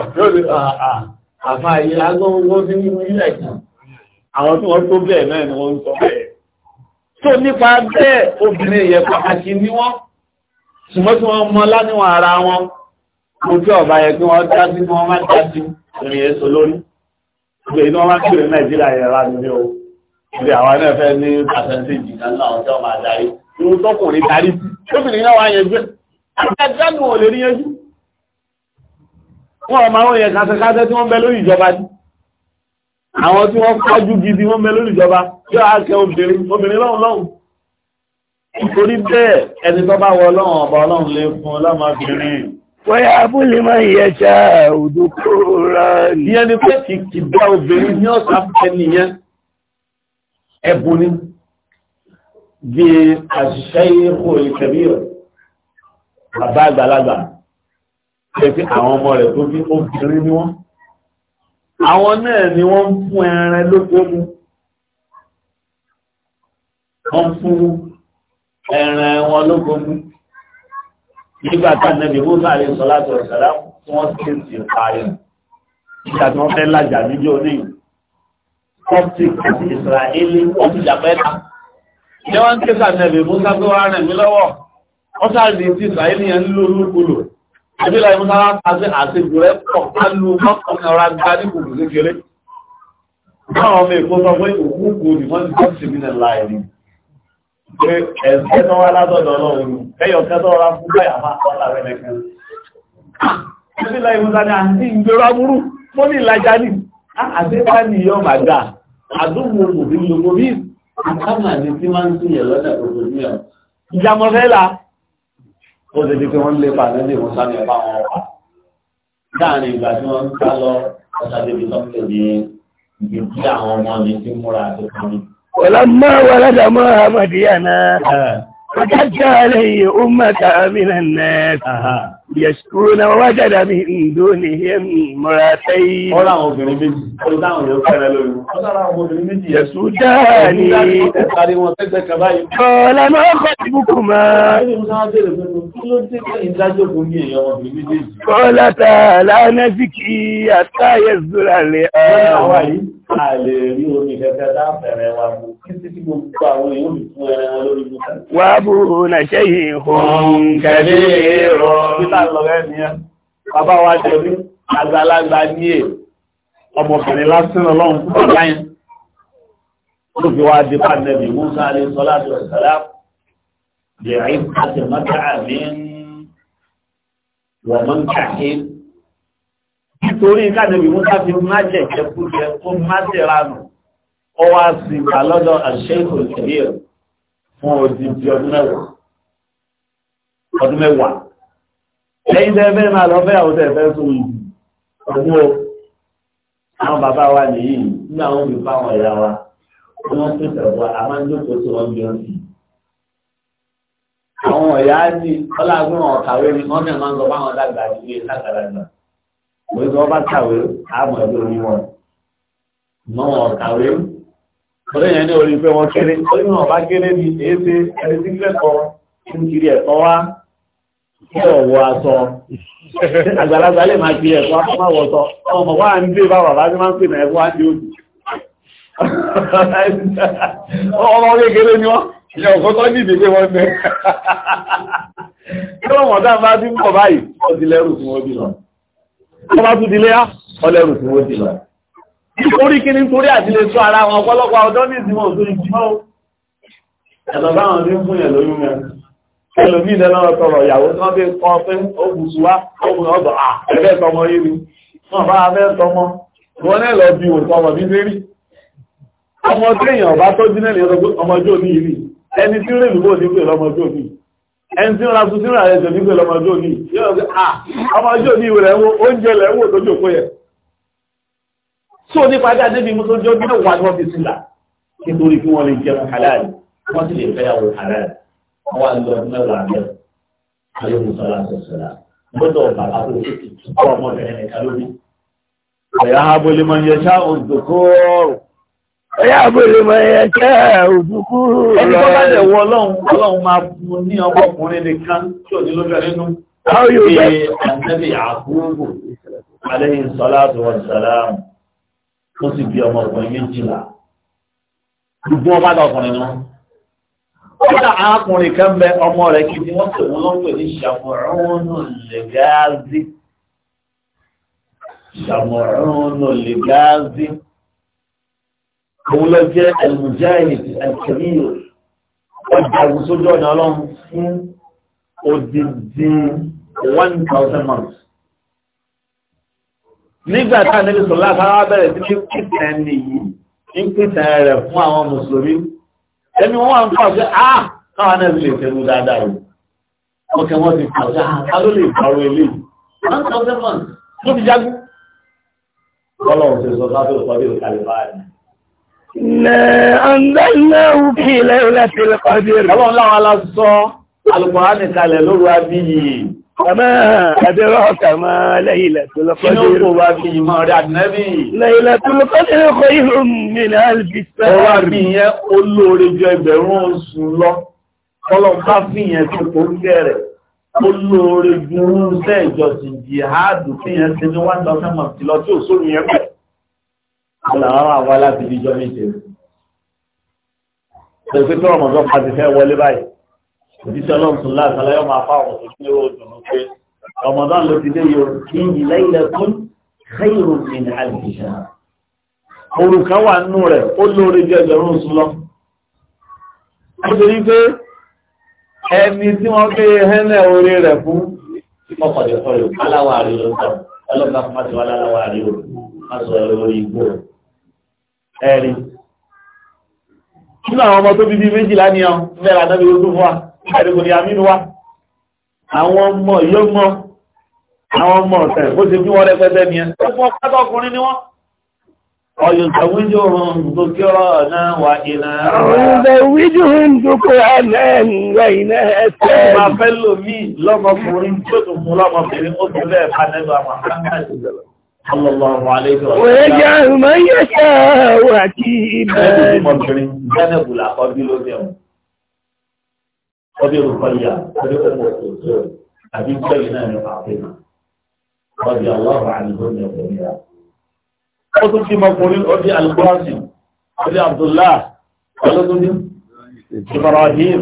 yóò àwọn tí wọ́n tó bẹ́ẹ̀ náà ni wọ́n ń sọ bẹ́ẹ̀ tó nípa bẹ́ẹ̀ obìnrin yẹ pàtàkì ní wọ́n ṣùgbọ́n tí wọ́n mọ láníwọ̀n ara wọn mo tí ọ̀bá yẹ kí wọ́n dá sí wọ́n máa dá sí ìrìn èso lórí gbé iná wá kí ìrìn nàìjíríà yẹ rà nílé o ìdí àwọn náà fẹ́ ní pàṣẹ́ntéèjì náà láwọn tí wọ́n máa darí irú tọkùnrin darí sí tí wọ́n bẹ lórí ìjọba ní àwọn tí wọ́n fájú gidi wọ́n mẹ́ lórí ìjọba yóò á kẹ obìnrin obìnrin lọ́hùn lọ́hùn torí bẹ́ẹ̀ ẹni tó bá wọ ọlọ́run ọba ọlọ́run lè fún ọlọ́mọbìnrin wọ́yá abúlé máa yẹ ṣá òdòkó ra ìyẹn ni pé kìkì bá obìnrin ní ọ̀sán fẹ́ nìyẹn ẹ̀bùn ni bí àṣìṣẹ́ ìhò ìkẹ̀bí rẹ̀ bàbá àgbàlagbà pé àwọn ọmọ rẹ̀ tó bí obìnrin ni wọ́n àwọn náà ni wọ́n ń fún ẹran lóko mú wọ́n fún ẹran wọn lóko mú nígbà tá nẹ́bí wọ́n náà lè sọ láti ọ̀sàlá tí wọ́n sì ń sì parí nígbà tí wọ́n fẹ́ lájà níjọ́ oníyìn coptic àti israeli wọ́n ti jàpẹ́ ta ní wọ́n ń ké sànẹ́bí musa tó wá rẹ̀ mí lọ́wọ́ wọ́n sáré ti israeli yẹn lórúkulò Àbílá ìmú sára àti àṣegbò rẹ̀ pọ̀ pálú mọ́kànlá ọ̀rá gbá ní kòkò kékeré. Báwọn ọmọ èkó sọ pé òkú kò ní wọ́n ti tọ́ sí mi nílá ẹni. Pé ẹ̀sẹ̀ tó wá látọ̀dọ̀ ọlọ́run, ẹyọ̀ kẹ́tọ́ ọ̀rá fún báyà máa kọ́ láàrẹ̀ nìkan. Àbílá ìmú sára àti ìgbéra burú, mo ní ìlàjà ní. Àṣepá ni yọ màdà, àdúgbò òbí lògbò bí àkámà ni tí máa ń sí ìyẹ̀ lọ́dà gbogbo ní ó ti di pé wọ́n lé pàdé ní ìwọ̀n sáré pa wọn pa láàrin ìgbà tí wọ́n ń sá lọ ọ̀sà débi sọ́kè ní ibi tí àwọn ọmọ mi ti múra àti kàmí. ọ̀làmọ́ wàládà mọ́ àmàdíyà náà ọ̀dájà lẹ́yìn ó mọ̀ yẹ̀ṣùkúrú náà wá jẹ́dà ní ìlú ní ẹ̀mí mọ́ra tẹ́yí. Ọlá àwọn obìnrin méjì, ọlá àwọn obìnrin fẹ́rẹ̀ lórí. Ọlá àwọn obìnrin méjì. Yẹ̀ṣù dáa ni. Ọlá máa kọ́ ti búkú máa. Ọlá tààlà nẹ́sìkì àtàyẹ̀ zúra lè Wàbùrù nà ṣẹ́yìn hùn kẹ́lẹ́ rọ̀ lọ́rẹ́ nìyẹn bàbá wa jẹ ní àgbàlagbà ní è ọmọbìnrin lásán ọlọ́run fún bàbá yẹn tó fi wá di pàdébì Musa alayhi salatu wa salam lè rí àti mọ́tà àmì wọ́n mọ́ ń kàkí nítorí kádébì Musa fi má jẹ sí ìgbà lọ́dọ̀ al-Sheikh fún ọdún mẹ́wàá ẹ̀yìn tẹ́fẹ́ máa lọ fẹ́ àwọn tẹ́fẹ́ sún ọgbọ́ àwọn bàbá wa nìyí ní àwọn òbí fáwọn ẹ̀yà wa wọ́n tún tẹ̀wọ́ a máa ń bí wọ́n sì. àwọn ẹ̀yà ní ọlágbọ́n ọ̀kàwé ni wọ́n náà máa ń lọ fáwọn dàgbà nílé lágbàlagbà òwe tí wọ́n bá kàwé àmọ̀ ẹgbẹ́ orí wọn mọ́ wọn ọ̀kàwé orí yẹn ní orí pé wọ́n kéré orí wọn bá kéré ní èéfé ẹni kí ọ̀wọ́ aṣọ àgbàlagbà lè máa fi ẹ̀kọ́ akọ́mọ̀wọ́sọ ọmọ wá ń dé bá bàbá tí máa ń pè náà ẹ̀kọ́ àti òjì ọmọ kékeré ni wọ́n ilẹ̀ ọ̀kọ́ tó ní ìdílé wọn bẹ́ẹ̀ kí wọ́n mọ̀ dáa bá ti ń pọ̀ báyìí ó ti lẹ́rù tí wọ́n bí wọ́n bá tún dilé á ó lẹ́rù tí wọ́n bí nítorí kí nítorí àti lè sọ ara wọn ọ̀pọ̀lọpọ̀ ọdọ́ ní ìsinmi òtún ìjìmọ́ ẹlòmí ìdẹ́lọ́rọ̀ sọ̀rọ̀ ìyàwó tí wọ́n fi kọ́ pé oògùsù wá oògùn ọ̀dọ̀ àẹ̀fẹ́ tọmọ yìí ni wọ́n bá fẹ́ tọmọ wọ́n náà lọ bí òtọmọ bí lérí ọmọ tí èèyàn bá tó dín lẹ́yìn ọmọjọ́ ní ìrì ẹni tí rèé lùbọ́ ní pé lọ́mọjọ́ ní ẹni tí ra tuntun rà ẹ̀jẹ̀ ní pé lọ́mọjọ́ ní ọmọjọ́ ní ìwé rẹ̀wọ́ oúnjẹ lẹ́wọ́ tó jòkó yẹ tí ó nípa dá débi mú tó jọ́ bí wà ní wọ́n fi sílà nítorí kí wọ́n lè jẹun halal wọ́n sì lè fẹ́yàwó halal àwọn àlọ́ mẹ́wàá náà alóhùn sọ́lá sọ̀sọ̀lá gbọ́dọ̀ bàbá tó ti kọ́ ọmọbìnrin nìkan lórí. ẹ̀yà abolimọ̀ yẹn ṣá òdòkóòrò. ẹ̀yà abolimọ̀ yẹn ṣá òdòkóòrò. ẹni tó bá dẹ̀ wọ ọlọ́run ọlọ́run máa bu ní ọmọkùnrin nìkan tí ò ní lójọ nínú. báwo yóò bẹ. ṣe àtẹ́bí àkúrò alẹ́yìn sọ́lá sọ̀sọ̀lá tó sì bí ọmọkùnrin méjìlá. gbogbo ọmọdé Kọ́dà arákùnrin kan bẹ ọmọ rẹ̀ kí ni wọ́n tẹ̀wọ́n lọ́pẹ̀ ní ṣàmọ̀rún lẹ́gáàzí. Ṣàmọ̀rún lẹ́gáàzí. Òun lọ jẹ́ al-mujahid al-kabir. Wọ́n jagun sójú ọ̀nà ọlọ́run fún odidi one thousand months. Nígbà táà níbi sọ̀lá sára bẹ̀rẹ̀ sí ní pìtàn nìyí, ní pìtàn rẹ̀ fún àwọn Mùsùlùmí ẹni wọ́n wà ń pàṣẹ àà ah, káwà náà lè tẹnu dáadáa rẹ̀ ọkẹ̀ wọ́n ti pàṣẹ àà ah, ló lè parọ́ ilé one thousand months ló fi jágún ọlọ́run ti sọ sáfẹ́ òkọ́dé òkàlẹ̀ báyìí Nẹ ọ̀nà òkè lẹ́yìn láti lè pàdé rẹ̀. Ọlọ́run aláṣọ alùpùpù á nìkalẹ̀ lóru abíyì. Àmọ́ àdẹ́rọ ọ̀kàmọ́ lẹ́yìnlẹ̀tọ́lọ́kọ́dé kò yíò mìíràn albìsẹ́. Ọwá bí yẹn olóore jọ ẹgbẹ̀rún oṣù lọ, ọlọ́pá fi yẹn tó kò ń gẹ̀rẹ̀, olóore gúrú sẹ́ ìjọsìn jihadu fi yẹn ti ní 1,000 mọ̀tí lọ tí ò só òjíṣẹ́ ọlọ́run tó láti aláyọ́ máa fá àwọn òṣèlú ní oòrùn dùnú pé Ramadan ló ti dé yóò kí ní lẹ́yìnlẹ̀ fún khairu min alìṣà oòrùn kan wà nínú rẹ̀ ó lóore jẹ́ ẹgbẹ̀rún oṣù lọ ó ti rí pé ẹni tí wọ́n gbé hẹ́nẹ̀ orí rẹ̀ fún ọkọ̀dẹ̀ sọ̀rọ̀ aláwọ̀ àrí ló sọ ọlọ́gbà fún máṣe wà láwọ̀ àrí o máṣe wà lórí igbó ẹ̀rí nínú àwọn ọmọ tó bíbí méjìlá ni ọ mẹ́ra náà bí fún wa ẹ̀dùkù ni àmínú wa àwọn ọmọ ìyọ́mọ àwọn ọmọ ọ̀tẹ̀ ó ti bí wọ́n rẹpẹtẹ ni ẹ ọkùn ọkọ̀ ọkùnrin ni wọ́n ويزوجهم ذكرانا وإناثا ويزوجهم ذكرانا وإناثا ما فلو مي لما فرين تدم لما فرين أطلع حنبا محمد صلى الله عليه وسلم ويجعل من يشاء وعتيبا ọdí rúfàyà ọdí ọmọ òṣòṣò àbí gbẹ̀yìn náà ní àfihàn ọdí aláwọ̀ àlùbọ̀ ní ọ̀gbẹ̀rẹ̀. ó tún fi mọ̀kùnrin ọdí alùbọ́ọ̀sì ọdí abdullah ọlọ́dúndín ibrahim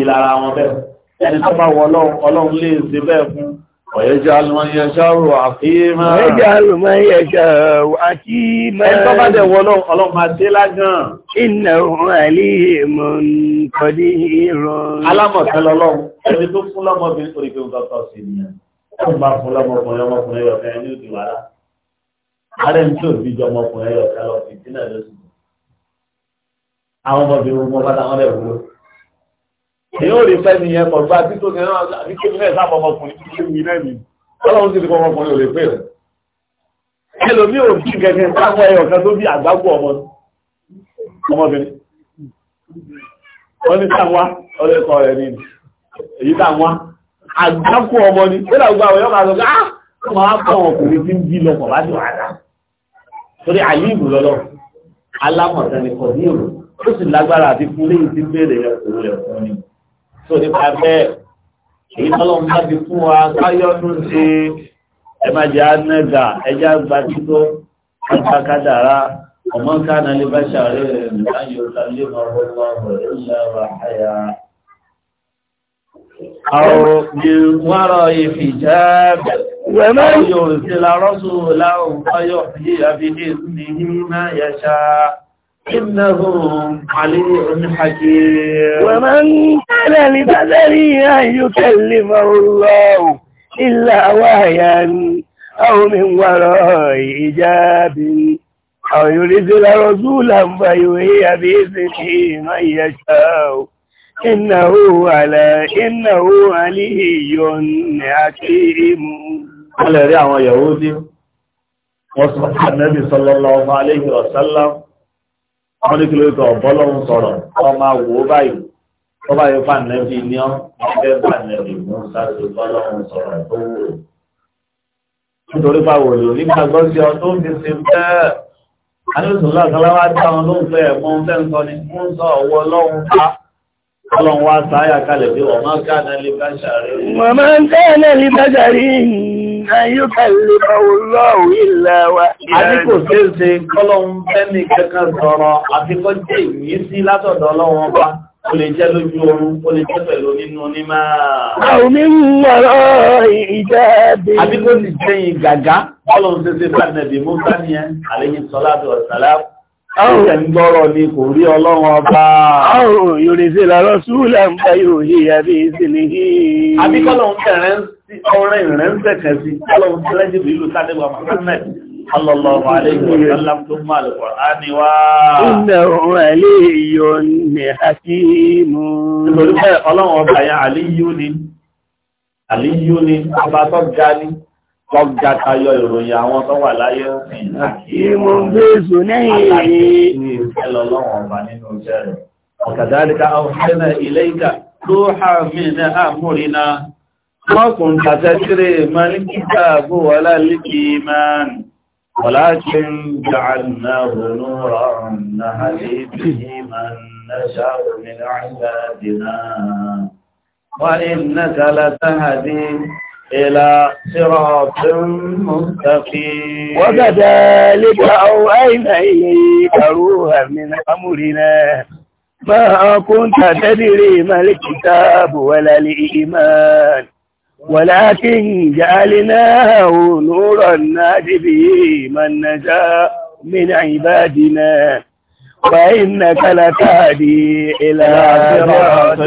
ìlàra wọn bẹ́ẹ̀ ẹni tó bá wọ ọlọ́run lè ṣe bẹ́ẹ̀ fún Ọ̀yẹ́jẹ́ máa ń yẹṣẹ́ rò àfíìmá. Ọ̀yẹ́jẹ́ máa ń yẹṣẹ́ rò àfíìmá. Ẹ tó bá dẹ̀ wọ ọlọ́run máa dé lágàn. Iná òun àlíhìmọ̀ nǹkan ní ìrọ̀rùn. Alámọ̀tẹ́ lọ́lọ́run, ẹni tó fún lọ́mọbìnrin orí pé ó tọ́tọ́ sí ni. Ó ń bá fún lọ́mọkùnrin ọmọkùnrin ọ̀fẹ́ ní òdì wàrà. Ààrẹ ń tó bí jọ ọmọkùnrin ọ̀fẹ́ lọ sí ìdínà lóṣù èyí ò rí fẹ́ nìyẹn pọ̀ gba títò ní ẹ̀rọ àti kébí náà sábà ọmọkùnrin tí ó wí náà nì ọlọ́run sì ti kọ́ ọmọkùnrin ò lè pè rẹ̀ ẹlòmí ò bí gẹ́gẹ́ sáwọn ẹyọ kan tó bí àgbágbó ọmọ ọmọbìnrin wọ́n ní sáwọn ọlẹ́kọ̀ọ́ rẹ̀ ní èyí táwọn àgbágbó ọmọ ni ó dà gbogbo àwọn ẹyọ kan sọ pé ah wọ́n á kọ́ ọmọkùnrin tí ń bí lọ́pọ̀ láti wà dá torí àlíìbù lọ́lọ́ alámọ̀tẹ́ni kọ̀ ní òru ó sì lágbára àti fún léyìn tí ń béèrè ẹ̀kọ́ tó nípa bẹ́ẹ̀ èyí tọ́lọ́ ń bá ti fún wa káyọ́nù sí ẹ má jẹ́ anẹ́gà ẹjá gba tító ọgbà kádàrá ọmọ kánà lè bá ṣàárẹ̀ rẹ̀ láyé ọ̀la lè máa wọ́n wá rẹ̀ lára àyà. Àwọn ìwárọ̀ ìfìjáàbẹ̀ wẹ̀mọ́ yóò sí la rọ́sùn láwọn إنه علي حكيم ومن كان لبدري أن يكلمه الله إلا وهيا أو من وراء إجاب أو يرسل رسولا فيوهي بإذنه من يشاء إنه على إنه علي حكيم على رعوة يهودي وصبح النبي صلى الله عليه وسلم wọ́n ní kí ló tọ̀ bọ́lọ́hún sọ̀rọ̀ kọ́ máa wò ó báyìí kọ́ báyìí fà nẹ́bí ní ọ́ ẹgbẹ́ fà nẹ́bí mú sáṣọ bọ́lọ́hún sọ̀rọ̀ tó wò ó. nítorí bá wò ló nígbàgbọ́ sí ọ tó ń fi ṣe bẹ́ẹ̀ anílùsọ̀lá àtàláwá táwọn ló ń fẹ́ mọ́ fẹ́ ń sọ ni mú ń sọ ọwọ́ ọlọ́run ká ọlọ́run wá sáyà kalẹ̀ bí wọ́n máa ń ká yóò tẹ̀lé ọlọ́run ilẹ̀ wa. a ní kò ṣeéṣe kọ́lọ́hún fẹ́mi kankan sọ̀rọ̀ àfikọ́ jẹ́ ìyísí látọ̀dọ̀ ọlọ́run ọba ó lè jẹ́ lójú oorun ó lè jẹ́ pẹ̀lú nínú ní máa. àwọn onírú ọ̀rọ̀ ìjáde. àbí kò sì jẹ́yìn gàgá ọlọ́run ṣe ṣe fún ànàbì musa nìyẹn àlẹ́yìn sọlá àti ọ̀sálá Àwọn ìgbọ́rọ̀ ni kò rí ọlọ́run ọba. Àwọn òyìnbó ṣe lọ rọ́ṣúlẹ̀ ń bá yóò yí àbí ìsinmi yìí. Àbíkọ́lọ̀ ń tẹ̀rẹ́ tí ọrẹ ìrẹ́nsẹ̀ kan sí ọlọ́run tí lẹ́jì ìlú sádẹ́gbà Muhammad sallallahu alayhi wa sallam tó mú al-Qur'ani wá. Innahu aliyyun hakimun. Nítorí bẹ́ẹ̀ ọlọ́run ọba yẹn àlíyú ni àlíyú ni ọba tó ga ni lọ́gbà tayọ ìròyìn àwọn tó wà láyé òfin. Ìmọ̀ gbèsò lẹ́yìn èyí. Ọlọ́run ọba nínú iṣẹ́ rẹ̀. Ọ̀kadhalika حكم فتكريما الكتاب ولا الإيمان ولكن جعلناه نورا نهدي به من نشاء من عبادنا وإنك لتهدي إلى صراط مستقيم وكذلك أوحينا إليك روحا من أمرنا ما كنت تدري ما الكتاب ولا الإيمان ولكن جعلناه نورا نهدي به من نجا من عبادنا وإنك لتهدي إلى صراط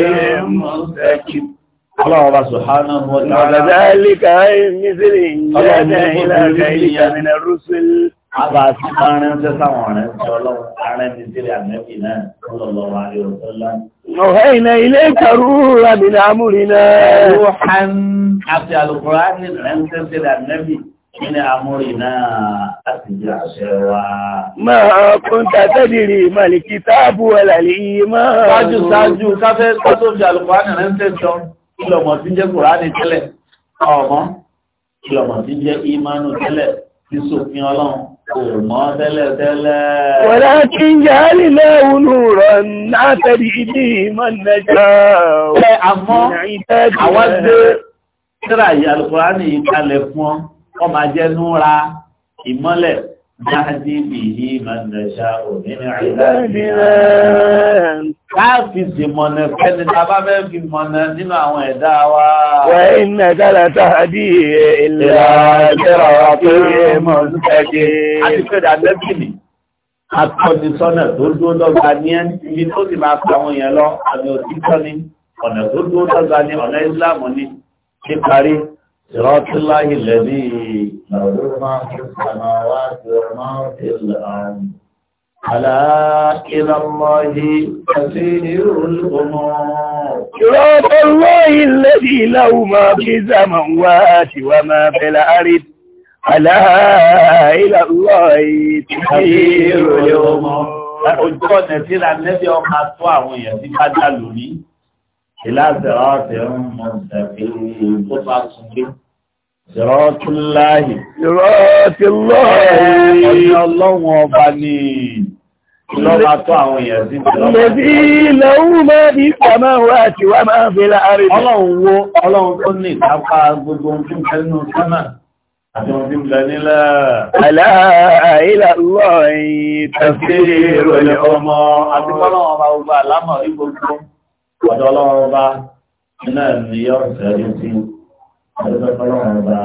مستقيم الله سبحانه وتعالى ذلك مثل جاء إلى من الرسل Àbàtí máa ń ránṣẹ́ sáwọn ọ̀rẹ́ tí ọlọ́run arẹ́ ti sílẹ̀ àmẹ́bì náà lọ́lọ́wọ́ àríwọ̀sọ́lá. Ọ̀hẹ́ ìnà ilé ìkàrú ràbìnà àmúrinà. Rúhàn àti àlùkùrá ní ránṣẹ́ sílẹ̀ àmẹ́bì wa. Máa kún tàtẹ́dìrì màlìkì táàbù ẹ̀làlì máa. Sáájú sáájú káfẹ́ tó fi àlùkùrá ní ránṣẹ́ sọ ìlọ̀mọ̀ tí jẹ́ Kùránì tẹ́lẹ̀. Ọ̀mọ́ ìlọ̀mọ̀ tí jẹ́ ìmánu tẹ́lẹ̀ tí sòfin ọlọ́run. ولكن جعل الله نورا نعتدي به من نجا من عباده Tíra ìyà alùkùránì ìkalẹ̀ fún ọ, ọ máa jẹ́ núra ìmọ́lẹ̀ Yáàdí bìí màndàṣà òmìnira ìdájìlá. Káàfi sí mọ̀nà fẹ́ni tàbá fẹ́ fi mọ̀nà nínú àwọn ẹ̀dá wa. Wà iná dára tàbí ìlà jẹ́rọ tó yẹ mọ̀ lúkẹ́gẹ́. A ti fẹ́ dàgbẹ́bì ni. A tọ́ sọ́nà tó dúró dọ́gba ní ẹni ibi tó sì máa pa àwọn èèyàn lọ, àmì òtítọ́ ni, ọ̀nà tó dúró dọ́gba ní ọ̀nà Ìsìlámù ni, ní صراط الله الذي له ما في السماوات وما في الأرض ألا إلى الله تسير الأمور صراط الله الذي له ما في السماوات وما في الأرض ألا إلى الله تسير الأمور. Ojú ọ̀nà tí ra nẹ́bí ọmọ atọ́ àwọn èèyàn tí bá dá lórí. إلى صراط مستقيم قطع سنجد صراط الله صراط الله أن الله وبني Lọ́bí lọ́wọ́ máa ní ìpàmà wà tí wà máa fi láàrin. Ọlọ́run wo, ọlọ́run tó ní ìtàpá gbogbo ohun tí ń tẹ́ nínú sánà àti ohun tí ń lẹ nílẹ̀. Àláàílà lọ́rin tàbí ìrọ̀lẹ̀ ọmọ àti fọ́lọ́run ọmọ ọ̀dọ̀ ọlọ́run ọba ni yọ̀ọ́ sẹ́yìn sí ọdún tó